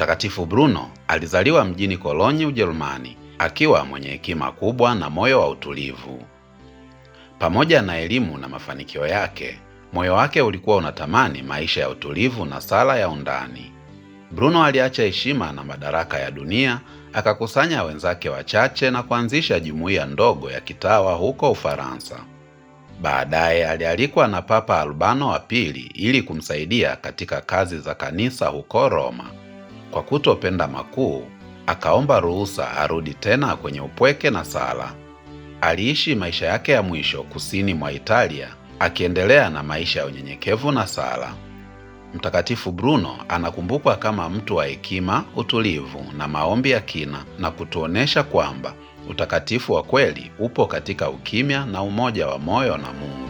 Mtakatifu Bruno alizaliwa mjini Kolonyi, Ujerumani, akiwa mwenye hekima kubwa na moyo wa utulivu. Pamoja na elimu na mafanikio yake, moyo wake ulikuwa unatamani maisha ya utulivu na sala ya undani. Bruno aliacha heshima na madaraka ya dunia, akakusanya wenzake wachache na kuanzisha jumuiya ndogo ya kitawa huko Ufaransa. Baadaye alialikwa na Papa Albano wa Pili ili kumsaidia katika kazi za kanisa huko Roma kwa kutopenda makuu, akaomba ruhusa arudi tena kwenye upweke na sala. Aliishi maisha yake ya mwisho kusini mwa Italia, akiendelea na maisha ya unyenyekevu na sala. Mtakatifu Bruno anakumbukwa kama mtu wa hekima, utulivu na maombi ya kina, na kutuonesha kwamba utakatifu wa kweli upo katika ukimya na umoja wa moyo na Mungu.